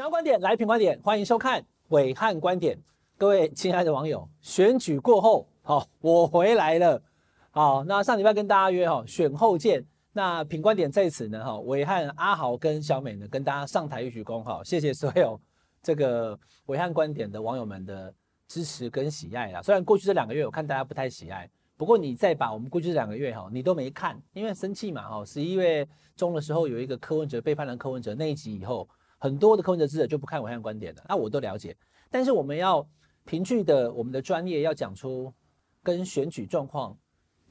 小觀點來品觀點，歡迎收看暐瀚觀點。各位親愛的網友，選舉過後，好，哦，我回來了。好，那上禮拜跟大家約好，哦，選後見。那品觀點在此呢哈，暐，哦，瀚，阿豪跟小美呢，跟大家上台一鞠躬哈。謝謝所有這個暐瀚觀點的網友們的支持跟喜愛啊。雖然過去這兩個月我看大家不太喜愛，不過你再把我們過去這兩個月哈，哦，你都沒看，因為生氣嘛哈。十，哦，一月中的時候有一個柯文哲背叛了柯文哲那一集以後。很多的柯文哲支持者就不看我的觀點了，那我都了解。但是我們要憑據的我們的專業，要講出跟選舉狀況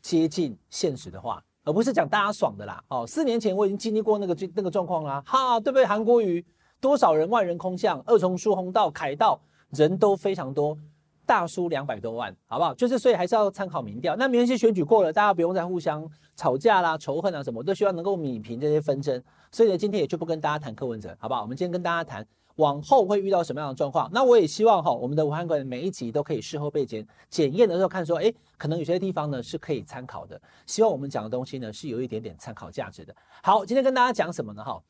接近現實的話，而不是講大家爽的啦。哦，四年前我已經經歷過那個那個狀況啦，哈，對不對？韓國瑜多少人萬人空巷，二重疏洪道凱道人都非常多。大輸兩百多萬，好不好？就是，所以還是要參考民調。那明年是選舉過了，大家不用再互相吵架啦、仇恨啊什麼，我都希望能夠弭平這些紛爭。所以呢，今天也就不跟大家談柯文哲，好不好？我們今天跟大家談往後會遇到什麼樣的狀況。那我也希望哈，我們的暐瀚觀點每一集都可以事後被檢檢驗的時候看說，哎、欸，可能有些地方呢是可以參考的。希望我們講的東西呢是有一點點參考價值的。好，今天跟大家講什麼呢？哈，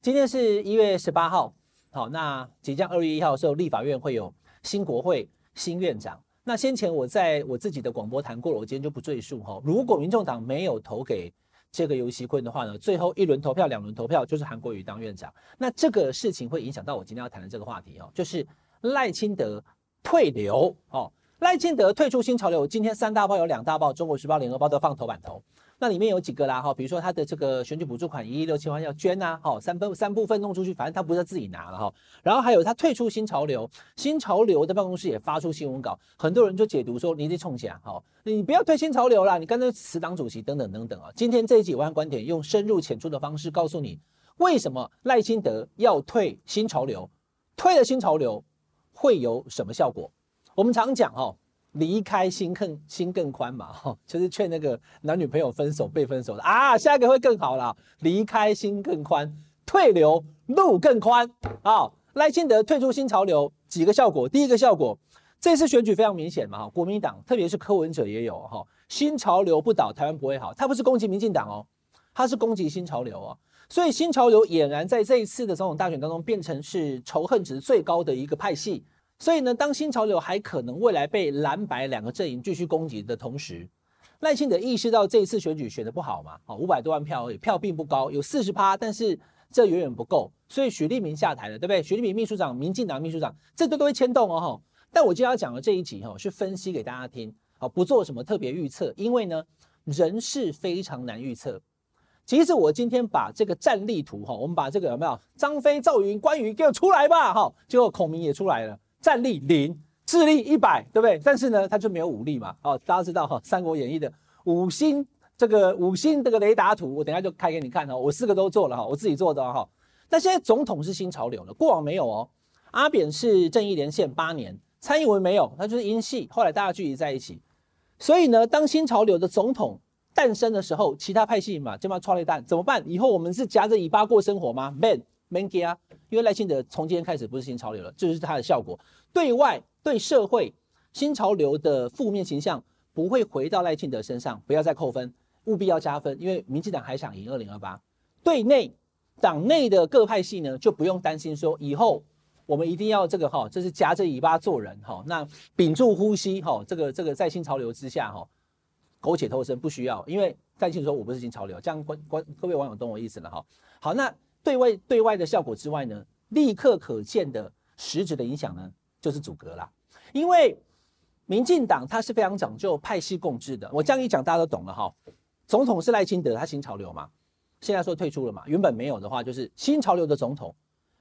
今天是一月十八號，好，那即將二月一號的時候，立法院會有新國會。新院長，那先前我在我自己的廣播談過了，我今天就不贅述哈、哦。如果民眾黨沒有投給這個游錫堃的話呢，最後一輪投票，兩輪投票就是韓國瑜當院長。那這個事情會影響到我今天要談的這個話題哦，就是賴清德退流哦，賴清德退出新潮流。今天三大報有兩大報，中國時報、聯合報都放頭版頭。那裡面有幾個啦，哈，比如說他的這個選舉補助款一億六千萬要捐啊，哈，三分三部分弄出去，反正他不是自己拿了哈。然後還有他退出新潮流，新潮流的辦公室也發出新聞稿，很多人就解讀說，你得衝起來，好、哦，你不要退新潮流啦，你剛才辭黨主席等等等等啊。今天這集《暐瀚觀點》用深入淺出的方式告訴你，為什麼賴清德要退新潮流，退了新潮流會有什麼效果？我們常講哈、哦。離開心更心更寬嘛，哈、哦，就是勸那個男女朋友分手被分手的啊，下一個會更好啦，離開心更寬，退流路更寬，好，賴清德退出新潮流幾個效果。第一個效果，這次選舉非常明顯嘛，哈，國民黨特別是柯文哲也有哈、哦，新潮流不倒，台灣不會好。他不是攻擊民進黨哦，他是攻擊新潮流哦，所以新潮流儼然在這一次的總統大選當中，變成是仇恨值最高的一個派系。所以呢，當新潮流還可能未來被藍白兩個陣營繼續攻擊的同時，賴清德意識到這一次選舉選的不好嘛，好五百多萬票而已，票並不高，有四十趴，但是這遠遠不夠，所以許立明下台了，對不對？許立明秘書長、民進黨秘書長，這都都會牽動哦。但我今天要講的這一集哈，是分析給大家聽，啊不做什麼特別預測，因為呢，人事非常難預測。其實我今天把這個戰力圖哈，我們把這個有沒有張飛、趙雲、關羽給我出來吧，哈，結果孔明也出來了。戰力零，智力一百，對不對？但是呢，他就沒有武力嘛。哦，大家知道哈，《三國演義》的五星這個五星這個雷達圖，我等一下就開給你看哦。我四個都做了哈，我自己做的哈。但現在總統是新潮流了，過往沒有哦。阿扁是正義連線八年，蔡英文沒有，他就是英系。後來大家聚集在一起，所以呢，當新潮流的總統誕生的時候，其他派系嘛就要創立蛋，怎麼辦？以後我們是夾着尾巴過生活嗎？n 免驚啊，因為賴清德從今天開始不是新潮流了，這就是他的效果。對外對社會，新潮流的負面形象不會回到賴清德身上，不要再扣分，務必要加分，因為民進黨還想贏二零二八。對內，黨內的各派系呢就不用擔心，說以後我們一定要這個哈，這是夾着尾巴做人哈，那屏住呼吸哈，這個這個在新潮流之下哈，苟且偷生不需要，因為賴清說，我不是新潮流，這樣觀觀各位網友懂我意思了哈。好，那。對外對外的效果之外呢，立刻可見的實質的影響呢，就是組閣了。因為民進黨它是非常講究派系共治的，我這樣一講大家都懂了哈。總統是賴清德，他新潮流嘛，現在說退出了嘛，原本沒有的話就是新潮流的總統。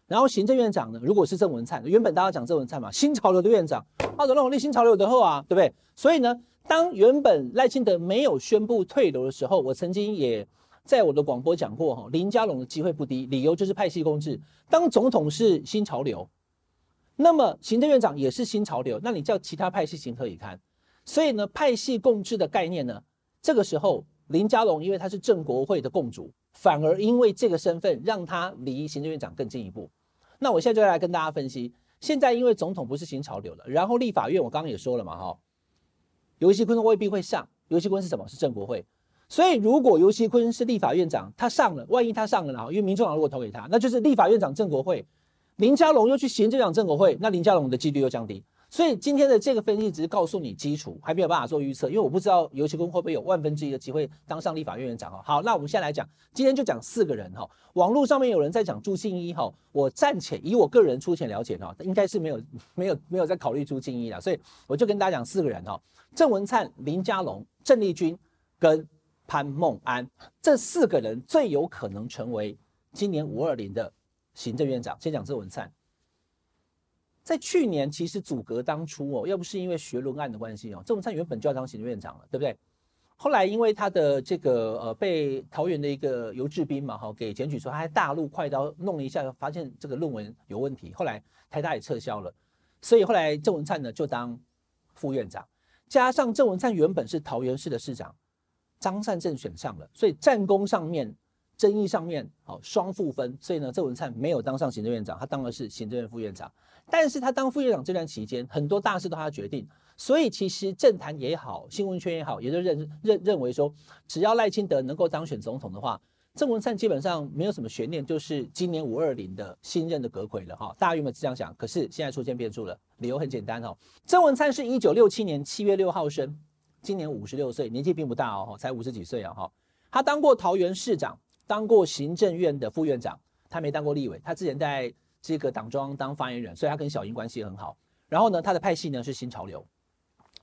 然後行政院長呢，如果是鄭文燦，原本大家講鄭文燦嘛，新潮流的院長，他總讓我立新潮流的後啊，對不對？所以呢，當原本賴清德沒有宣布退流的時候，我曾經也。在我的廣播講過哈，林佳龍的機會不低，理由就是派系共治，當總統是新潮流，那麼行政院長也是新潮流，那你叫其他派系情何以堪，所以呢，派系共治的概念呢，這個時候林佳龍因為他是正國會的共主，反而因為這個身份讓他離行政院長更近一步。那我現在就來跟大家分析，現在因為總統不是新潮流了，然後立法院我剛剛也說了嘛哈，游錫堃未必會上，游錫堃是什麼？是正國會。所以，如果游錫堃是立法院長，他上了，萬一他上了呢？因為民眾黨如果投給他，那就是立法院長正國會。林佳龍又去行政長，正國會，那林佳龍的幾率又降低。所以今天的這個分析只是告訴你基礎，還沒有辦法做預測，因為我不知道游錫堃會不會有萬分之一的機會當上立法院院長哈。好，那我們先來講，今天就講四個人哈。網絡上面有人在講朱敬一，哈，我暫且以我個人粗淺了解呢，應該是沒有沒有沒有在考慮朱敬一的。所以我就跟大家講四個人哈：鄭文燦、林佳龍、鄭麗君跟，潘孟安這四個人最有可能成為今年五二零的行政院長。先講鄭文燦，在去年其實組閣當初哦，要不是因為學倫案的關係哦，鄭文燦原本就要當行政院長了，對不對？後來因為他的這個呃被桃園的一個游志斌嘛，哈、哦、給檢舉說，他還大陸快刀弄了一下，發現這個論文有問題，後來台大也撤銷了，所以後來鄭文燦呢就當副院長，加上鄭文燦原本是桃園市的市長。張善政選上了，所以戰功上面，爭議上面，好雙負分。所以呢，鄭文燦沒有當上行政院長，他當的是行政院副院長。但是他當副院長這段期間，很多大事都他決定。所以其實政壇也好，新聞圈也好，也都認認認為說，只要賴清德能夠當選總統的話，鄭文燦基本上沒有什麼懸念，就是今年五二零的新任的閣揆了哈。大家原本是這樣想，可是現在出現變數了，理由很簡單哈、哦，鄭文燦是一九六七年七月六號生。今年五十六歲，年紀並不大哦，才五十幾歲啊，哦，他當過桃園市長，當過行政院的副院長，他沒當過立委。他之前在這個黨中央當發言人，所以他跟小英關係很好。然後呢，他的派系呢是新潮流。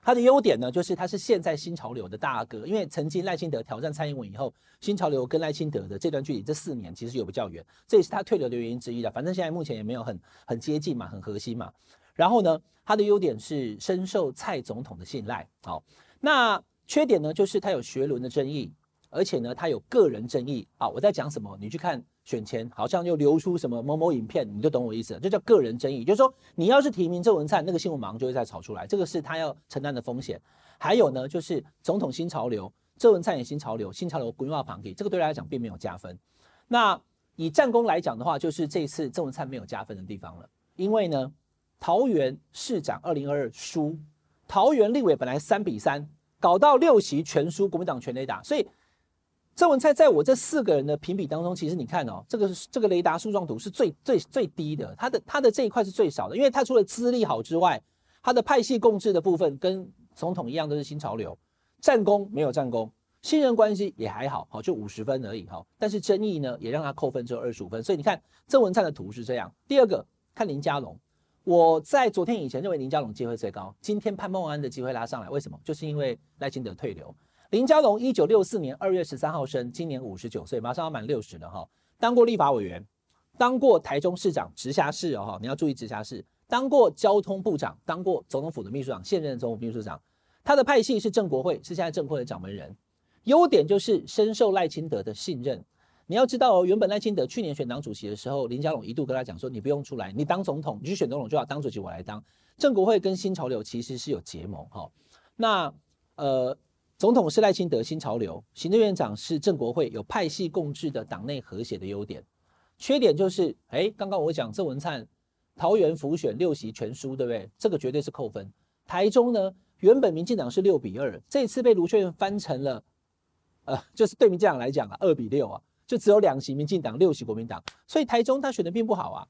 他的優點呢，就是他是現在新潮流的大哥，因為曾經賴清德挑戰蔡英文以後，新潮流跟賴清德的這段距離這四年其實有比較遠，這也是他退流的原因之一的，反正現在目前也沒有很很接近嘛，很核心嘛。然後呢，他的優點是深受蔡總統的信賴，哦。那缺點呢，就是他有學倫的爭議，而且呢，他有個人爭議啊。我在講什麼？你去看選前，好像又流出什麼某某影片，你就懂我意思了。這叫個人爭議，就是說你要是提名鄭文燦，那個新聞馬上就會再炒出來，這個是他要承擔的風險。還有呢，就是總統新潮流，鄭文燦也新潮流，新潮流規劃黨 p 這個對他來講並沒有加分。那以戰功來講的話，就是這一次鄭文燦沒有加分的地方了，因為呢，桃園市長二零二二輸。桃園立委本來三比三，搞到六席全輸，國民黨全雷達。所以鄭文燦在我這四個人的評比當中，其實你看哦，這個是這個雷達樹狀圖是最最最低的，他的他的這一塊是最少的，因為他除了資歷好之外，他的派系共治的部分跟總統一樣都是新潮流，戰功沒有戰功，信任關係也還好，好就五十分而已哈。但是爭議呢也讓他扣分只有二十五分，所以你看鄭文燦的圖是這樣。第二個看林佳龍，我在昨天以前認為林佳龍機會最高，今天潘孟安的機會拉上來，為什麼？就是因為賴清德退流。林佳龍一九六四年二月十三號生，今年五十九歲，馬上要滿六十了哈。當過立法委員，當過台中市長，直轄市哦，你要注意直轄市，當過交通部長，當過總統府的秘書長，現任總統秘書長。他的派系是正國會，是現在正國會的掌門人。優點就是深受賴清德的信任。你要知道哦，原本賴清德去年選黨主席的時候，林佳龍一度跟他講說：“你不用出來，你當總統，你去選總統就好，當主席我來當。”正國會跟新潮流其實是有結盟哈、哦。那呃，總統是賴清德，新潮流行政院長是正國會，有派系共治的黨內和諧的優點，缺點就是哎，剛、欸、剛我講鄭文燦桃園輔選六席全輸，對不對？這個絕對是扣分。台中呢，原本民進黨是六比二，這次被盧秀燕翻成了呃，就是對民進黨來講啊，二比六啊。就只有兩席民進黨六席國民黨，所以台中他選的並不好啊。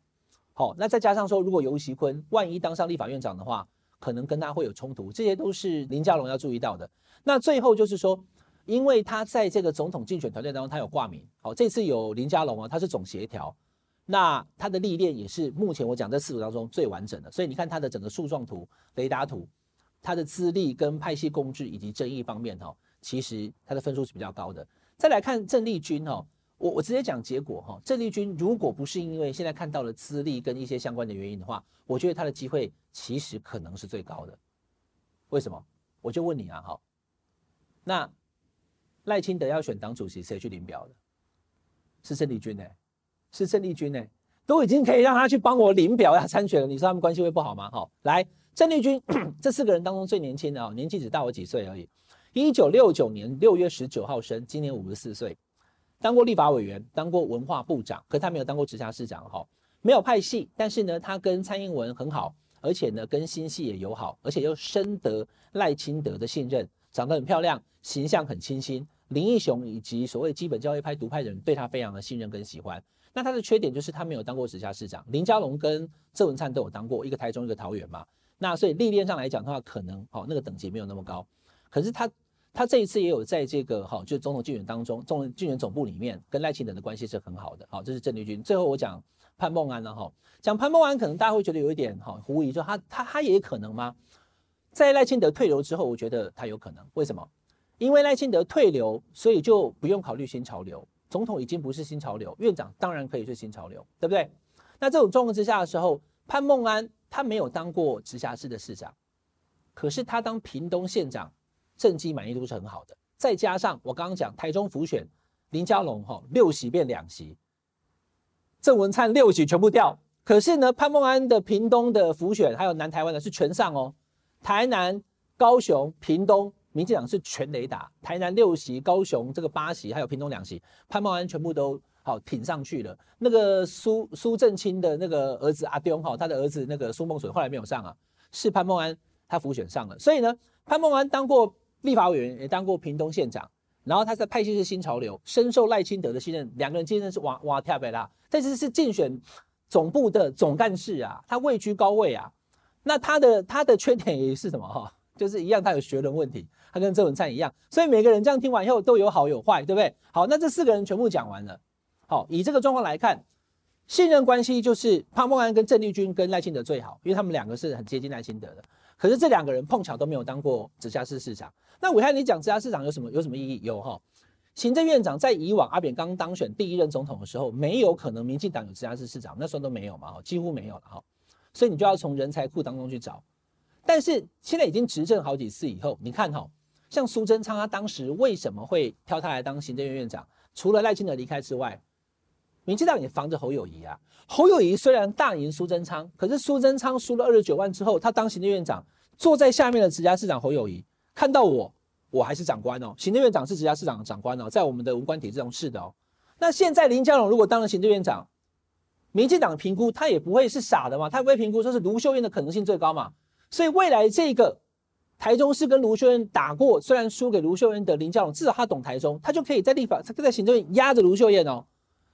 好、哦，那再加上說，如果游錫堃萬一當上立法院長的話，可能跟他會有衝突，這些都是林佳龍要注意到的。那最後就是說，因為他在這個總統競選團隊當中，他有掛名。好、哦，這次有林佳龍啊，他是總協調。那他的歷練也是目前我講在四組當中最完整的。所以你看他的整個樹狀圖、雷達圖，他的資歷跟派系工具以及爭議方面哦，其實他的分數是比較高的。再來看鄭麗君。哦。我我直接講結果哈，鄭麗君如果不是因為現在看到的資歷跟一些相關的原因的話，我覺得他的機會其實可能是最高的。為什麼？我就問你啊，哈，那賴清德要選黨主席，誰去領表的？是鄭麗君呢、欸？是鄭麗君呢、欸？都已經可以讓他去幫我領表要參選了，你說他們關係會不好嗎？好，來，鄭麗君這四個人當中最年輕的啊，年紀只大我幾歲而已，一九六九年六月十九號生，今年五十四歲。當過立法委員，當過文化部長，可他沒有當過直轄市長，哈、哦，沒有派系，但是呢，他跟蔡英文很好，而且呢，跟新系也友好，而且又深得賴清德的信任，長得很漂亮，形象很清新，林義雄以及所謂基本教育派獨派的人對他非常的信任跟喜歡。那他的缺點就是他沒有當過直轄市長，林佳龍跟鄭文燦都有當過，一個台中一個桃園嘛。那所以歷練上來講的話，可能哈、哦、那個等級沒有那麼高，可是他。他這一次也有在這個哈，就總統競選當中，總統競選總部裡面跟賴清德的關係是很好的。好，這是鄭麗君。最後我講潘孟安了，哈，講潘孟安可能大家會覺得有一點哈，狐疑，就他他他也可能嗎？在賴清德退流之後，我覺得他有可能。為什麼？因為賴清德退流，所以就不用考慮新潮流，總統已經不是新潮流，院長當然可以是新潮流，對不對？那這種狀況之下的時候，潘孟安他沒有當過直轄市的市長，可是他當屏東縣長。政績滿意度是很好的，再加上我剛剛講台中輔選，林佳龍吼、哦、六席變兩席，鄭文燦六席全部掉，可是呢，潘孟安的屏東的輔選還有南台灣的是全上哦，台南、高雄、屏東，民進黨是全壘打，台南六席、高雄這個八席，還有屏東兩席，潘孟安全部都好挺上去了。那個蘇蘇正清的那個兒子阿雕哈、哦，他的兒子那個蘇孟水後來沒有上啊，是潘孟安他輔選上了，所以呢，潘孟安當過。立法委員也當過屏東縣長，然後他在派系是新潮流，深受賴清德的信任，兩個人其實是換帖的啦。但是是競選總部的總幹事啊，他位居高位啊。那他的他的缺點也是什麼哈、哦？就是一樣他有學倫問題，他跟鄭文燦一樣。所以每個人這樣聽完以後都有好有壞，對不對？好，那這四個人全部講完了。好、哦，以這個狀況來看，信任關係就是潘孟安跟鄭麗君跟賴清德最好，因為他們兩個是很接近賴清德的。可是這兩個人碰巧都沒有當過直轄市市長。那暐瀚，你講直轄市長有什麼有什麼意義？有哈，行政院長在以往阿扁剛當選第一任總統的時候，沒有可能民進黨有直轄市市長，那時候都沒有嘛，幾乎沒有了哈。所以你就要從人才庫當中去找。但是現在已經執政好幾次以後，你看哈，像蘇貞昌他當時為什麼會挑他來當行政院院長？除了賴清德離開之外。民進黨也防着侯友宜啊。侯友宜雖然大贏蘇貞昌，可是蘇貞昌輸了二十九萬之後，他當行政院長坐在下面的直轄市長侯友宜看到我，我還是長官哦。行政院長是直轄市長的長官哦，在我們的五權體制中是的哦。那現在林佳龍如果當了行政院長，民進黨評估他也不會是傻的嘛，他不會評估說是盧秀燕的可能性最高嘛。所以未來這個台中市跟盧秀燕打過，雖然輸給盧秀燕的林佳龍，至少他懂台中，他就可以在立法、在行政院壓着盧秀燕哦。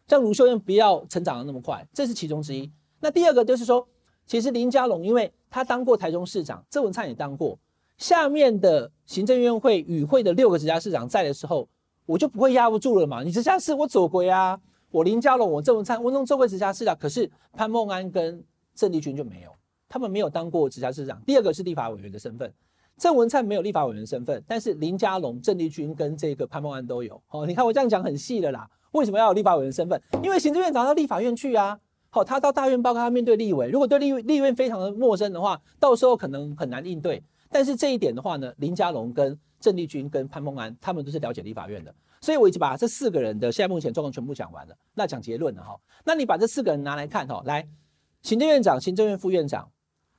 讓盧秀燕不要成長得那麼快，這是其中之一。那第二個就是說，其實林佳龍因為他當過台中市長，鄭文燦也當過，下面的行政院會與會的六個直轄市長在的時候，我就不會壓不住了嘛。你直轄市我走過呀、啊，我林佳龍，我鄭文燦，我弄做過直轄市長。可是潘孟安跟鄭麗君就沒有，他們沒有當過直轄市長。第二個是立法委員的身份，鄭文燦沒有立法委員的身份，但是林佳龍、鄭麗君跟這個潘孟安都有。好、哦，你看我這樣講很細的啦。為什麼要有立法委員的身份？因為行政院長到立法院去啊。好、哦，他到大院報告，他面對立委。如果對立立院非常的陌生的話，到時候可能很難應對。但是這一點的話呢，林佳龍、跟鄭麗君、跟潘孟安，他們都是了解立法院的。所以我已經把這四個人的現在目前狀況全部講完了。那講結論了哈、哦，那你把這四個人拿來看哈、哦。來，行政院長、行政院副院長，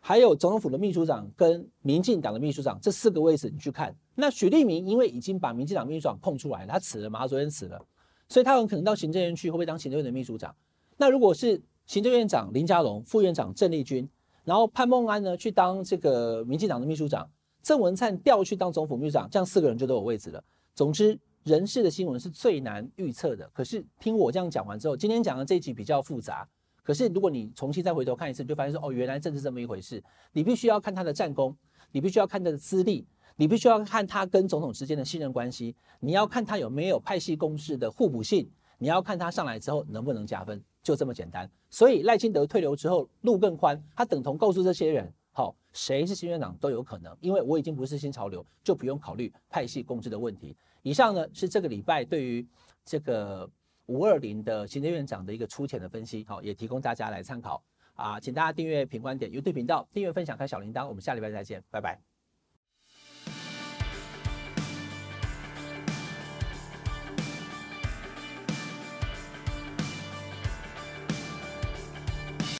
還有總統府的秘書長跟民進黨的秘書長這四個位置，你去看。那許立明因為已經把民進黨秘書長空出來了，他辭了嘛？他昨天辭了。所以他很可能到行政院去，會不會當行政院的秘書長？那如果是行政院長林佳龍、副院長鄭麗君，然後潘孟安呢去當這個民進黨的秘書長，鄭文燦調去當總統府秘書長，這樣四個人就都有位置了。總之，人事的新聞是最難預測的。可是聽我這樣講完之後，今天講的這一集比較複雜。可是如果你重新再回頭看一次，你就發現說，哦，原來正是這麼一回事。你必須要看他的戰功，你必須要看他的資歷。你必須要看他跟總統之間的信任關係，你要看他有沒有派系共識的互補性，你要看他上來之後能不能加分，就這麼簡單。所以賴清德退流之後，路更寬。他等同告訴這些人，好，誰是新院長都有可能，因為我已經不是新潮流，就不用考慮派系共治的問題。以上呢是這個禮拜對於這個五二零的新任院長的一個粗淺的分析，好，也提供大家來參考啊，請大家訂閱《品觀點》YouTube 頻道，訂閱分享開小鈴鐺，我們下禮拜再見，拜拜。